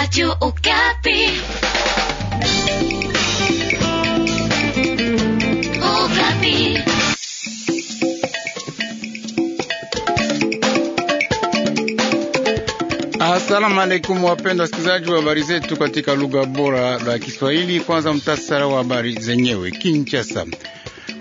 Radio Okapi. Okapi. Asalamu alaykum, wapenda wasikilizaji wa habari zetu katika lugha bora la Kiswahili. Kwanza mtasara wa habari zenyewe. Kinshasa.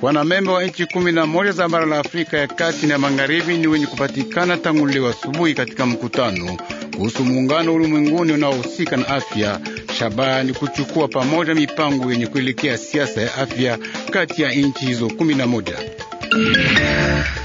Wanamemba wa nchi kumi na moja za bara la Afrika ya kati na magharibi ni wenye kupatikana tangu leo asubuhi katika mkutano kuhusu muungano ulimwenguni unaohusika na afya. Shabaha ni kuchukua pamoja mipango yenye kuelekea siasa ya afya kati ya nchi hizo kumi na moja.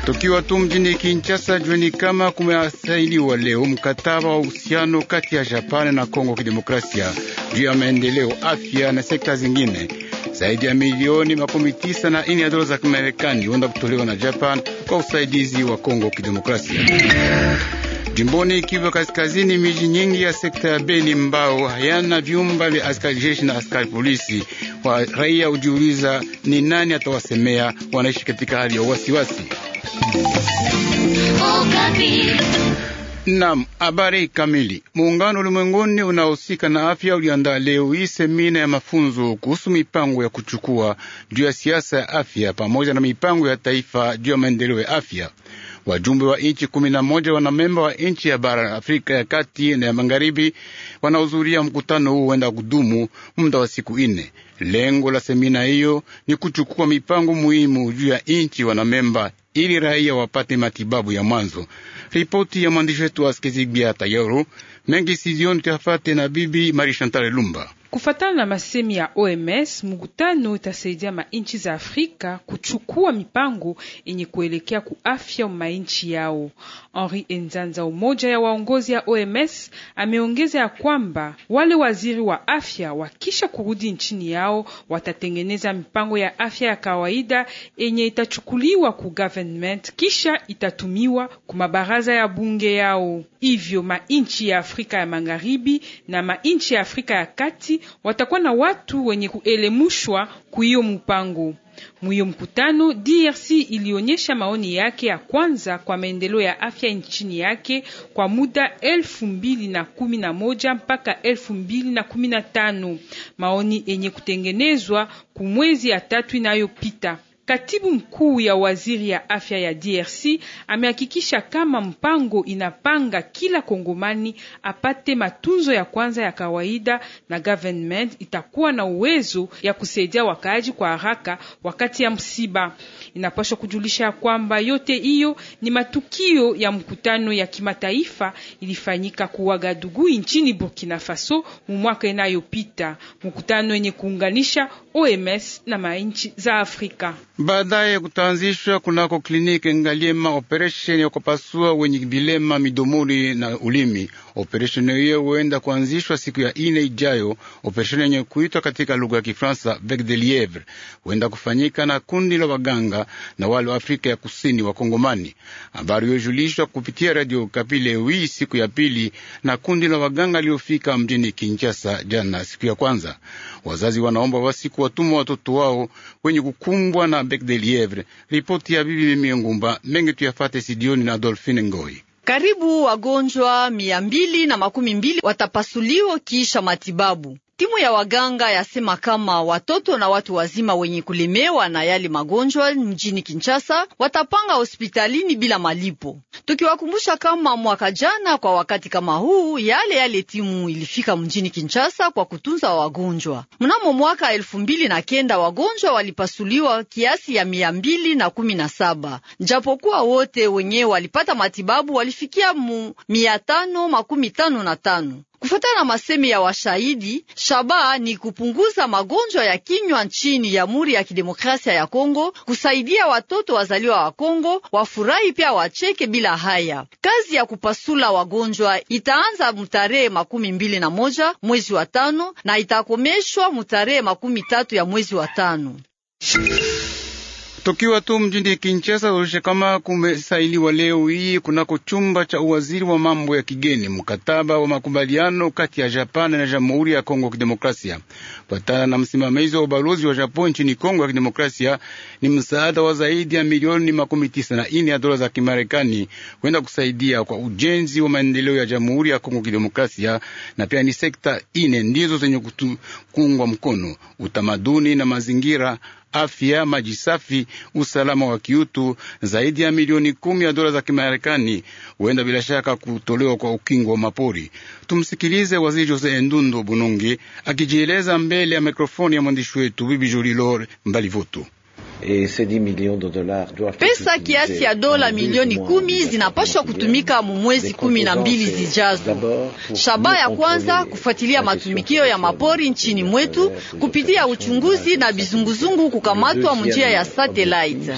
Tukiwa tu mjini Kinshasa, jueni kama kumesainiwa leo mkataba wa uhusiano kati ya Japani na Kongo Kidemokrasia juu ya maendeleo, afya na sekta zingine. Zaidi ya milioni makumi tisa na nne ya dola za Kimarekani huenda kutolewa na Japan kwa usaidizi wa Kongo Kidemokrasia. Jimboni Kivu Kaskazini, miji nyingi ya sekta ya Beni Mbao hayana vyumba vya askari jeshi na askari polisi. Wa raia hujiuliza ni nani atawasemea, wanaishi katika hali ya wasiwasi wasi. Nam, habari kamili. Muungano ulimwenguni unaohusika na afya uliandaa leo hii semina ya mafunzo kuhusu mipango ya kuchukua juu ya siasa ya afya pamoja na mipango ya taifa juu ya maendeleo ya afya. Wajumbe wa nchi kumi na moja wanamemba wa nchi ya bara Afrika ya kati na ya magharibi wanahudhuria mkutano huu huenda kudumu muda wa siku ine Lengo la semina hiyo ni kuchukua mipango muhimu juu ya nchi wanamemba ili raia wapate matibabu ya mwanzo. Ripoti ya mwandishi wetu wa Skezibia Tayoro mengi sizioni tuyafate na bibi Marie Chantal Lumba. Kufatana na masemi ya OMS, mkutano utasaidia mainchi za Afrika kuchukua mipango yenye kuelekea kuafya mainchi yao. Henri Enzanza, umoja ya waongozi ya OMS, ameongeza ya kwamba wale waziri wa afya wakisha kurudi nchini yao watatengeneza mipango ya afya ya kawaida yenye itachukuliwa ku government kisha itatumiwa ku mabaraza ya bunge yao. Hivyo mainchi ya Afrika ya Magharibi na mainchi ya Afrika ya Kati watakuwa na watu wenye kuelemushwa kuiyo mpango. Mwiyo mkutano DRC ilionyesha maoni yake ya kwanza kwa maendeleo ya afya nchini yake kwa muda elfu mbili na kumi na moja mpaka elfu mbili na kumi na tano maoni yenye kutengenezwa kumwezi ya tatu inayopita. Katibu mkuu ya waziri ya afya ya DRC amehakikisha kama mpango inapanga kila Kongomani apate matunzo ya kwanza ya kawaida, na government itakuwa na uwezo ya kusaidia wakaaji kwa haraka wakati ya msiba. Inapaswa kujulisha kwamba yote hiyo ni matukio ya mkutano ya kimataifa ilifanyika kuwagadugui nchini Burkina Faso mwaka inayopita, mkutano yenye kuunganisha OMS na mainchi za Afrika. Baadaye kutaanzishwa kunako kliniki Ngaliema operesheni ya kupasua wenye dilema midomoni na ulimi. Operesheni hiyo huenda kuanzishwa siku ya ine ijayo. Operesheni yenye kuitwa katika lugha ya Kifaransa bec de lievre huenda kufanyika na kundi la waganga na wale wa Afrika ya Kusini wa Kongomani. Habari iliyojulishwa kupitia Radio Kapile wii siku ya pili na kundi la waganga liofika mjini Kinshasa jana siku ya kwanza. Wazazi wanaomba wasikuwatuma watoto wao wenye kukumbwa na Bec de Lievre. Ripoti ya Bibi Mimi Ngumba mengi tuyafate Sidioni na Dolphine Ngoi. Karibu wagonjwa mia mbili na makumi mbili watapasuliwa kisha matibabu. Timu ya waganga yasema kama watoto na watu wazima wenye kulemewa na yale magonjwa mjini Kinshasa watapanga hospitalini bila malipo, tukiwakumbusha kama mwaka jana kwa wakati kama huu yale yale timu ilifika mjini Kinshasa kwa kutunza wagonjwa. Mnamo mwaka elfu mbili na kenda wagonjwa walipasuliwa kiasi ya mia mbili na kumi na saba japokuwa wote wenyewe walipata matibabu walifikia mu mia tano makumi tano na tano. Kufuatana na masemi ya washahidi, shaba ni kupunguza magonjwa ya kinywa nchini Jamhuri ya Kidemokrasia ya Kongo, kusaidia watoto wazaliwa wa Kongo wafurahi pia wacheke bila haya. Kazi ya kupasula wagonjwa itaanza mutarehe makumi mbili na moja mwezi wa tano na itakomeshwa mutarehe makumi tatu ya mwezi wa tano. Tukiwa tu mjini Kinshasa, ulishe kama kumesailiwa leo hii kunako chumba cha uwaziri wa mambo ya kigeni mkataba wa makubaliano kati ya Japani na Jamhuri ya Kongo ya Kidemokrasia. Patana na msimamizi wa ubalozi wa japon nchini Kongo ya Kidemokrasia, ni msaada wa zaidi ya milioni makumi tisa na ine ya dola za Kimarekani kwenda kusaidia kwa ujenzi wa maendeleo ya Jamhuri ya Kongo ya Kidemokrasia, na pia ni sekta ine ndizo zenye kuungwa mkono: utamaduni na mazingira afya, maji safi, usalama wa kiutu. Zaidi ya milioni kumi ya dola za Kimarekani huenda bila shaka kutolewa kwa ukingo wa mapori. Tumsikilize waziri Jose Endundu Bunungi akijieleza mbele ya mikrofoni ya mwandishi wetu Bibi Julilor Mbalivutu. Pesa kiasi ya dola milioni kumi zinapashwa kutumika mu mwezi kumi na mbili zijazo. shaba ya kwanza kufuatilia matumikio ya mapori nchini mwetu kupitia uchunguzi na bizunguzungu kukamatwa munjia ya satellite.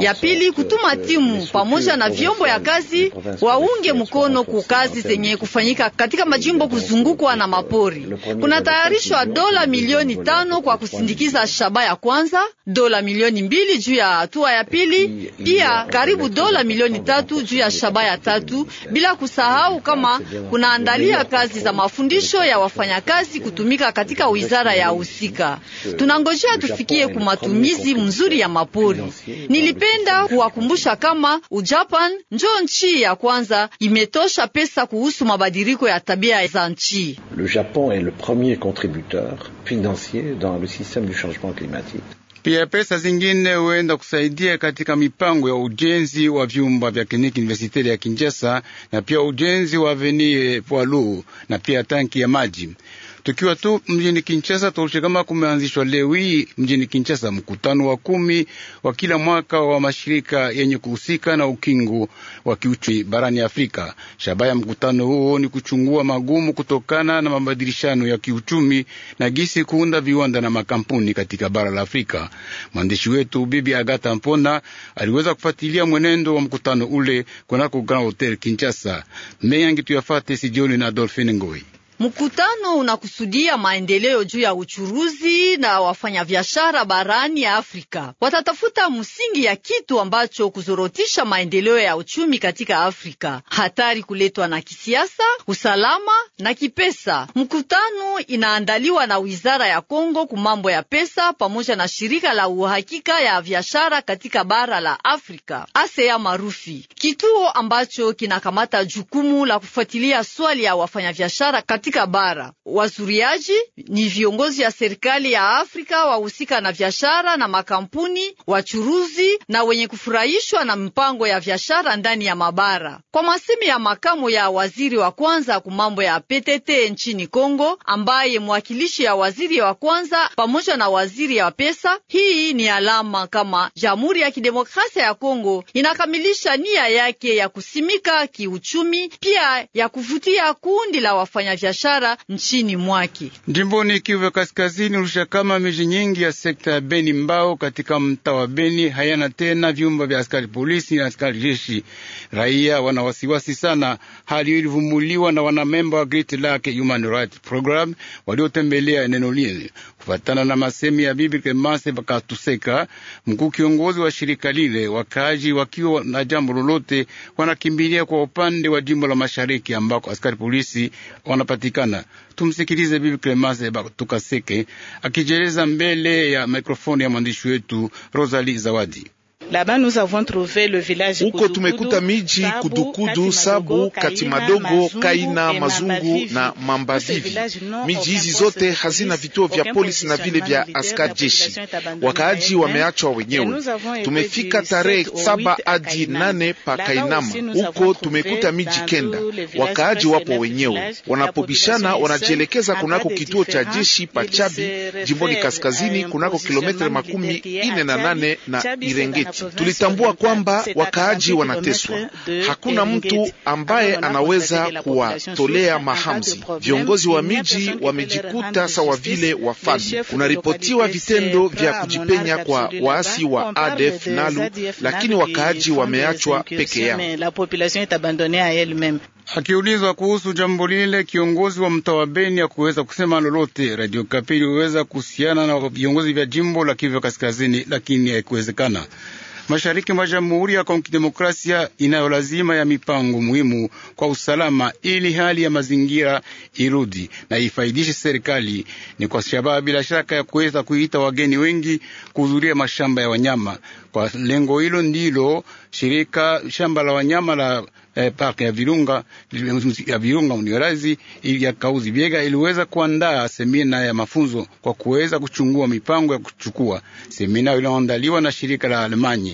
Ya pili kutuma timu pamoja na vyombo ya kazi waunge mkono ku kazi zenye kufanyika katika majimbo kuzungukwa na mapori. Kunatayarishwa dola milioni tano kwa kusindikiza shaba ya kwanza, dola milioni mbili juu ya hatua ya pili, pia karibu dola milioni tatu juu ya shaba ya tatu, bila kusahau kama kunaandalia kazi za mafundisho ya wafanyakazi kutumika katika wizara ya husika. Tunangojea tufikie matumizi mzuri ya mapori. Nilipenda kuwakumbusha kama ujapan njo nchi ya kwanza imetosha pesa kuhusu mabadiliko ya tabia za nchi. Le Japon est le premier contributeur financier dans le système du changement climatique. Pia pesa zingine huenda kusaidia katika mipango ya ujenzi wa vyumba vya kliniki universitari ya Kinshasa na pia ujenzi wa avenue Poilu na pia tanki ya maji. Tukiwa tu mjini Kinshasa, tulishe kama kumeanzishwa leo hii mjini Kinshasa mkutano wa kumi wa kila mwaka wa mashirika yenye kuhusika na ukingo wa kiuchumi barani Afrika. Shabaha ya mkutano huo ni kuchungua magumu kutokana na mabadilishano ya kiuchumi na gisi kuunda viwanda na makampuni katika bara la Afrika. Mwandishi wetu Bibi Agata Mpona aliweza kufuatilia mwenendo wa mkutano ule kunako Grand Hotel Kinshasa. Mengi tuyafate sijioni na Adolfine Ngoi. Mkutano unakusudia maendeleo juu ya uchuruzi na wafanyabiashara barani ya Afrika. Watatafuta msingi ya kitu ambacho kuzorotisha maendeleo ya uchumi katika Afrika, hatari kuletwa na kisiasa, usalama na kipesa. Mkutano inaandaliwa na Wizara ya Kongo ku mambo ya pesa pamoja na shirika la uhakika ya biashara katika bara la Afrika, ASEA marufi kituo ambacho kinakamata jukumu la kufuatilia swali ya wafanyabiashara katika katika bara. Wazuriaji ni viongozi ya serikali ya Afrika, wahusika na biashara na makampuni, wachuruzi na wenye kufurahishwa na mpango ya biashara ndani ya mabara. Kwa masimu ya makamu ya waziri wa kwanza ku mambo ya PTT nchini Kongo, ambaye mwakilishi ya waziri wa kwanza pamoja na waziri ya pesa, hii ni alama kama Jamhuri ya Kidemokrasia ya Kongo inakamilisha nia yake ya kusimika kiuchumi, pia ya kuvutia kundi la wafanyabiashara biashara nchini mwake. Ndimboni Kivu Kaskazini, Rushakama, miji nyingi ya sekta ya Beni Mbao katika mtaa wa Beni hayana tena vyumba vya askari polisi na askari jeshi. Raia wana wasiwasi sana, hali ilivumuliwa na wanamemba wa Great Lake Human Rights Program waliotembelea eneo lile. Kufatana na masemi ya Bibi Kemase Bakatuseka, mkuu kiongozi wa shirika lile, wakaaji wakiwa na jambo lolote wanakimbilia kwa upande wa jimbo la mashariki ambako askari polisi wanapata kupatikana. Tumsikilize Bibi Clemence Batukaseke akijieleza mbele ya mikrofoni ya mwandishi wetu Rosalie Zawadi. Huko tumekuta miji Kudukudu, Sabu, Katimadogo, Kaina, Mazungu na Mambavivi. Miji hizi zote hazina vituo vya polisi na vile vya askari jeshi, wakaaji wameachwa wenyewe. Tumefika tarehe saba hadi nane pa Kainama, huko tumekuta miji kenda, wakaaji wapo wenyewe, wanapobishana wanajielekeza kunako kituo cha jeshi pa Chabi, jimboni kaskazini, euh, kunako kilometre makumi ine na nane na Irengeti tulitambua kwamba wakaaji wanateswa, hakuna mtu ambaye anaweza kuwatolea mahamzi. Viongozi wa miji wamejikuta sawa vile wafalme. Kunaripotiwa vitendo vya kujipenya kwa waasi wa ADF NALU, lakini wakaaji wameachwa peke yao. Akiulizwa kuhusu jambo lile, kiongozi wa mtaa wa Beni akuweza kusema lolote. Radio Kapili huweza kuhusiana na viongozi vya jimbo la Kivu Kaskazini, lakini haikuwezekana mashariki mwa Jamhuri ya Kidemokrasia inayo lazima ya mipango muhimu kwa usalama, ili hali ya mazingira irudi na ifaidishe serikali. Ni kwa shabaha bila shaka ya kuweza kuita wageni wengi kuhudhuria mashamba ya wanyama. Kwa lengo hilo ndilo shirika shamba la wanyama la eh, parki ya Virunga ya Virunga Uniwerazi ya Kauzi Biega iliweza kuandaa semina ya mafunzo kwa kuweza kuchungua mipango ya kuchukua. Semina iliyoandaliwa na shirika la Alemanya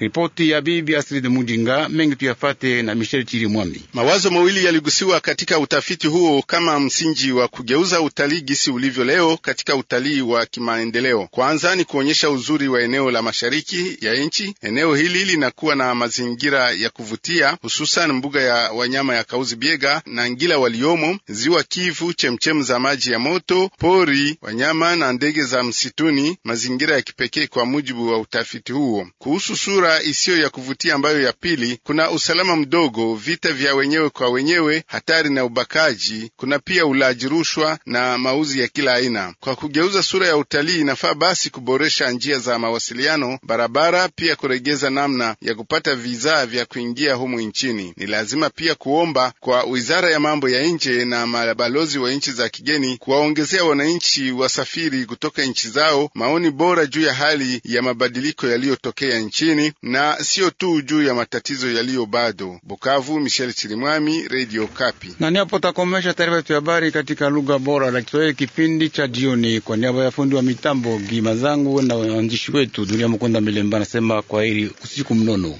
Ripoti ya bibi Astrid Mujinga, mengi tuyafate na Michel Chirimwami. Mawazo mawili yaligusiwa katika utafiti huo kama msingi wa kugeuza utalii gisi ulivyo leo katika utalii wa kimaendeleo. Kwanza ni kuonyesha uzuri wa eneo la mashariki ya nchi. Eneo hili linakuwa na mazingira ya kuvutia, hususan mbuga ya wanyama ya Kauzi Biega na Ngila waliomo, ziwa Kivu, chemchemu za maji ya moto, pori, wanyama na ndege za msituni, mazingira ya kipekee kwa mujibu wa utafiti huo. Kuhusu sura sura isiyo ya kuvutia ambayo ya pili kuna usalama mdogo, vita vya wenyewe kwa wenyewe, hatari na ubakaji. Kuna pia ulaji rushwa na mauzi ya kila aina. Kwa kugeuza sura ya utalii, inafaa basi kuboresha njia za mawasiliano, barabara, pia kuregeza namna ya kupata vizaa vya kuingia humu nchini. Ni lazima pia kuomba kwa wizara ya mambo ya nje na mabalozi wa nchi za kigeni kuwaongezea wananchi wasafiri kutoka nchi zao maoni bora juu ya hali ya mabadiliko yaliyotokea nchini na sio tu juu ya matatizo yaliyo bado. Bukavu, Michel Chirimwami, Radio Kapi. Na niapo takomesha taarifa yetu ya habari katika lugha bora la Kiswahili kipindi cha jioni. Kwa niaba ya fundi wa mitambo Gima zangu na waandishi wetu Dunia mkunda Milemba nasema kwa hili usiku mnono.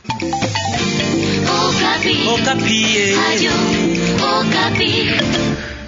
Okapi. Oh, Okapi. Oh, eh.